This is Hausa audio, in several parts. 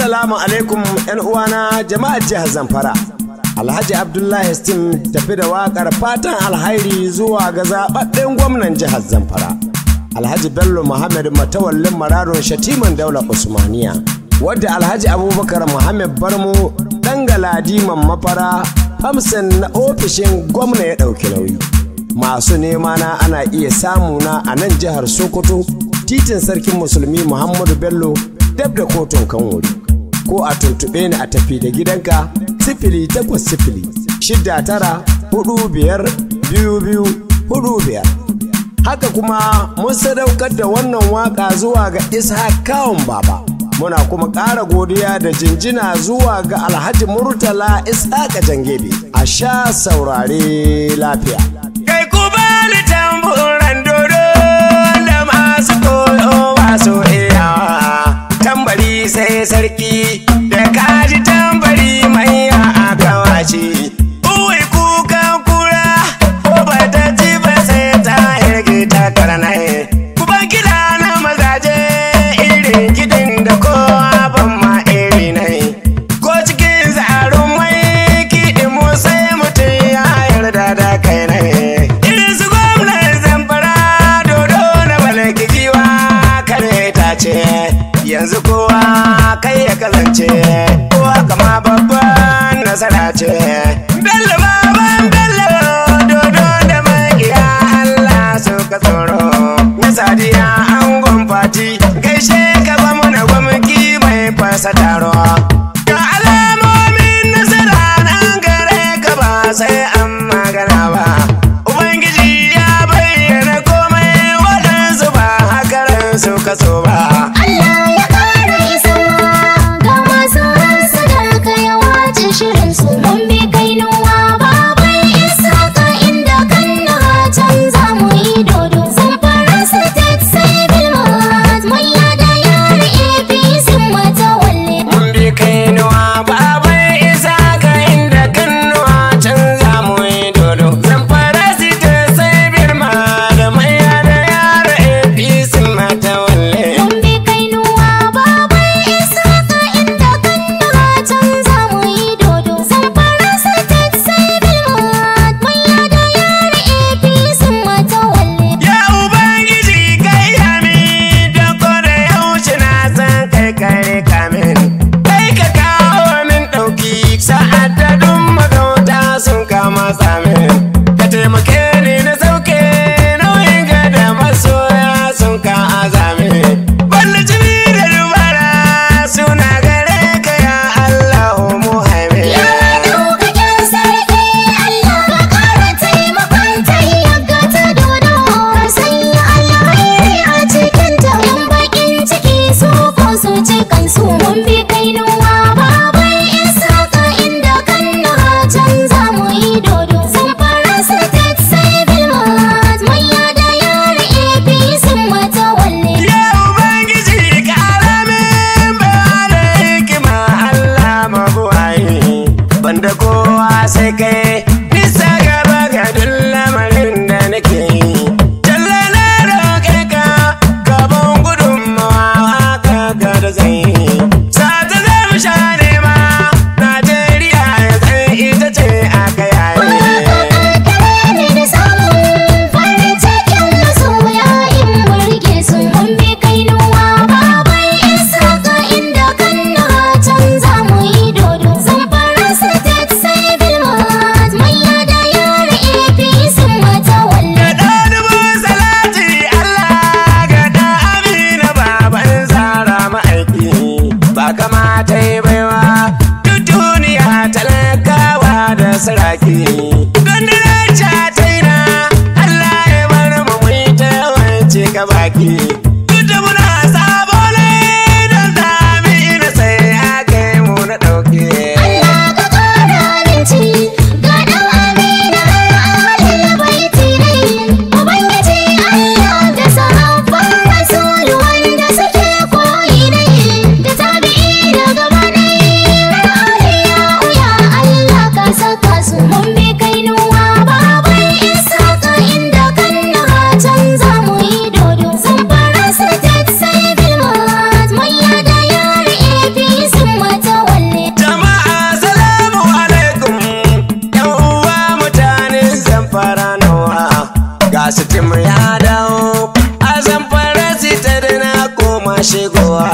Assalamu alaikum ‘yan uwana jama'ar jihar Zamfara. Alhaji Abdullahi Stim tafi da waƙar fatan alhairi zuwa ga zaɓaɓɓen gwamnan jihar Zamfara. Alhaji Bello Muhammad Matawallin Mararon Shatiman Daula Usmaniya. Wadda Alhaji Abubakar Muhammad Barmo ɗan galadiman mafara hamsin na ofishin gwamna ya ɗauki nauyi. Masu nema na ana iya samu na a nan jihar Sokoto, titin sarkin musulmi Muhammadu Bello, dab da kotun kan wuri. ko a tuntuɓe ni a tafi da gidanka sifili takwas sifili shida tara hudu biyar biyu biyu hudu biyar. Haka kuma mun sadaukar da wannan waka zuwa ga isha Kawun Baba. Muna kuma ƙara godiya da jinjina zuwa ga Alhaji Murtala Isaka Jangebe. A sha saurare lafiya. Kai ku bani tamburan dodo da masu koyo masu sai sarki da kaji tambari mai a kawace it. shigowa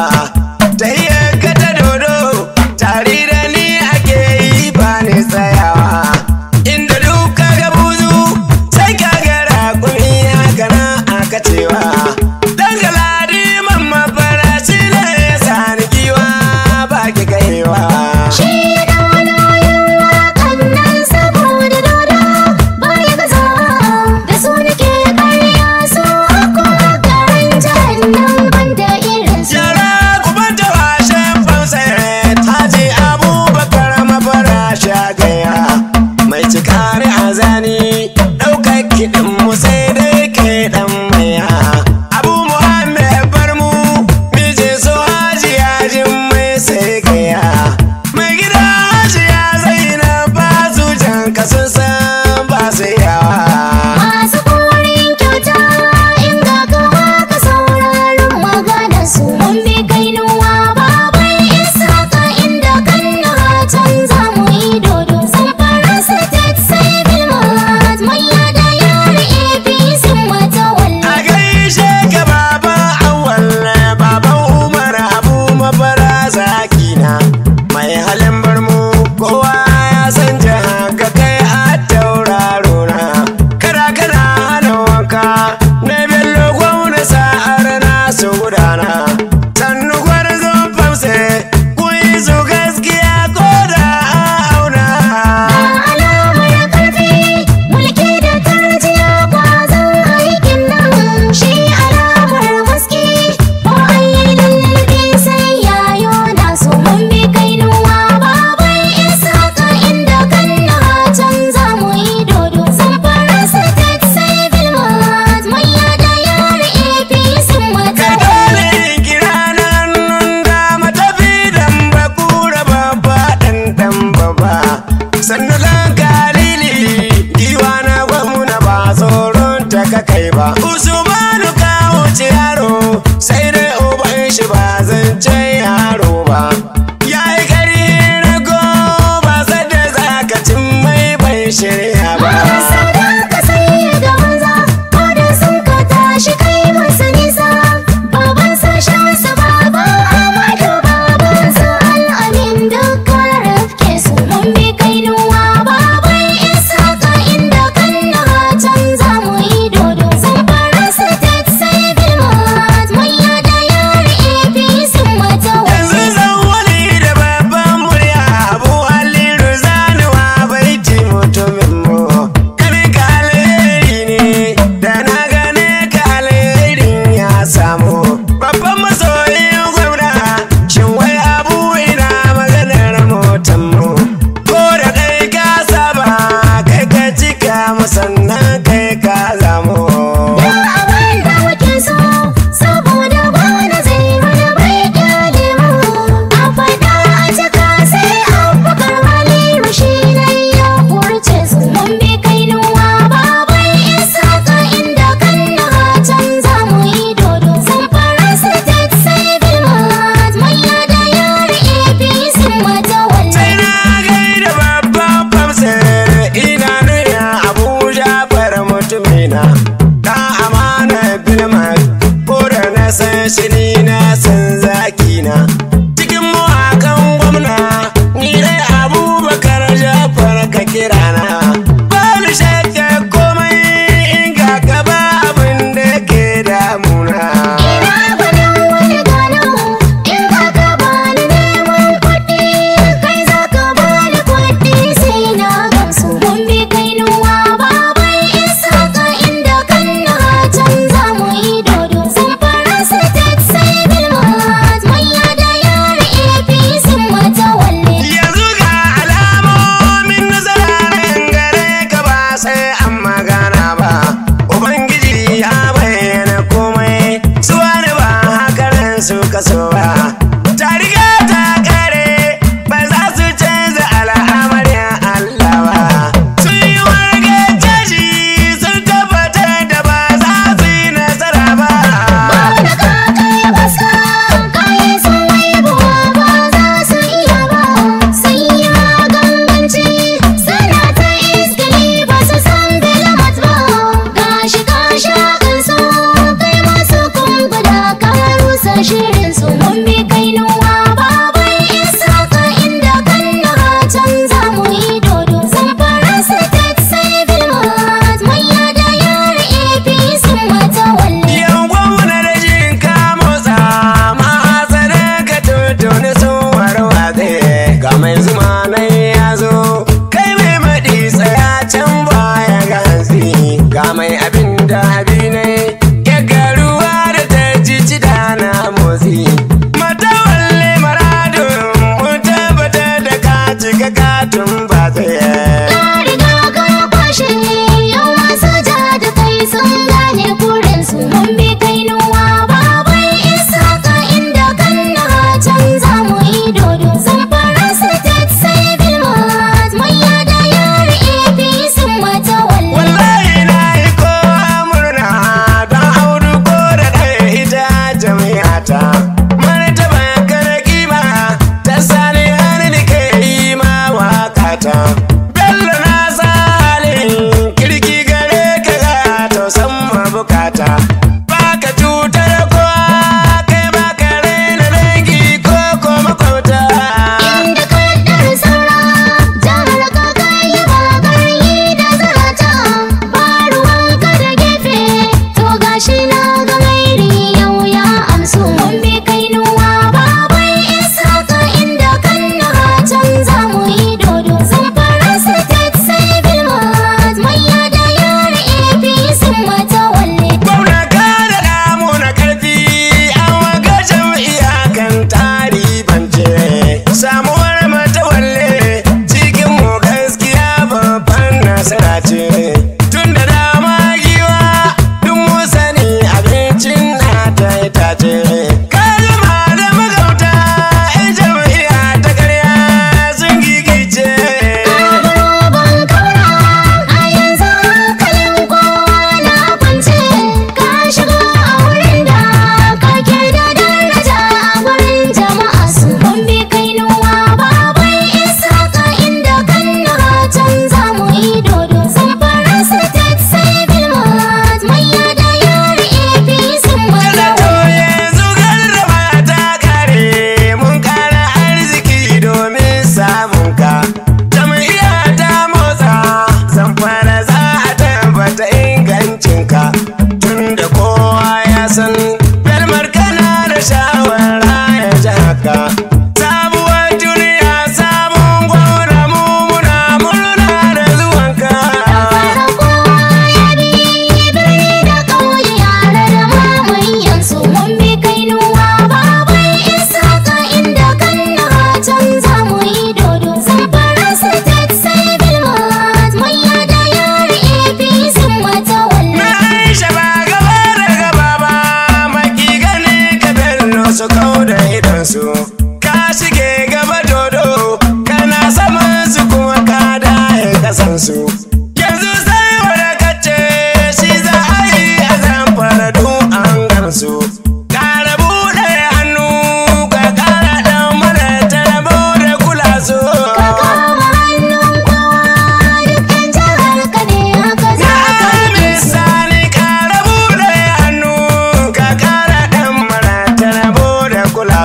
money. I've been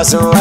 Paso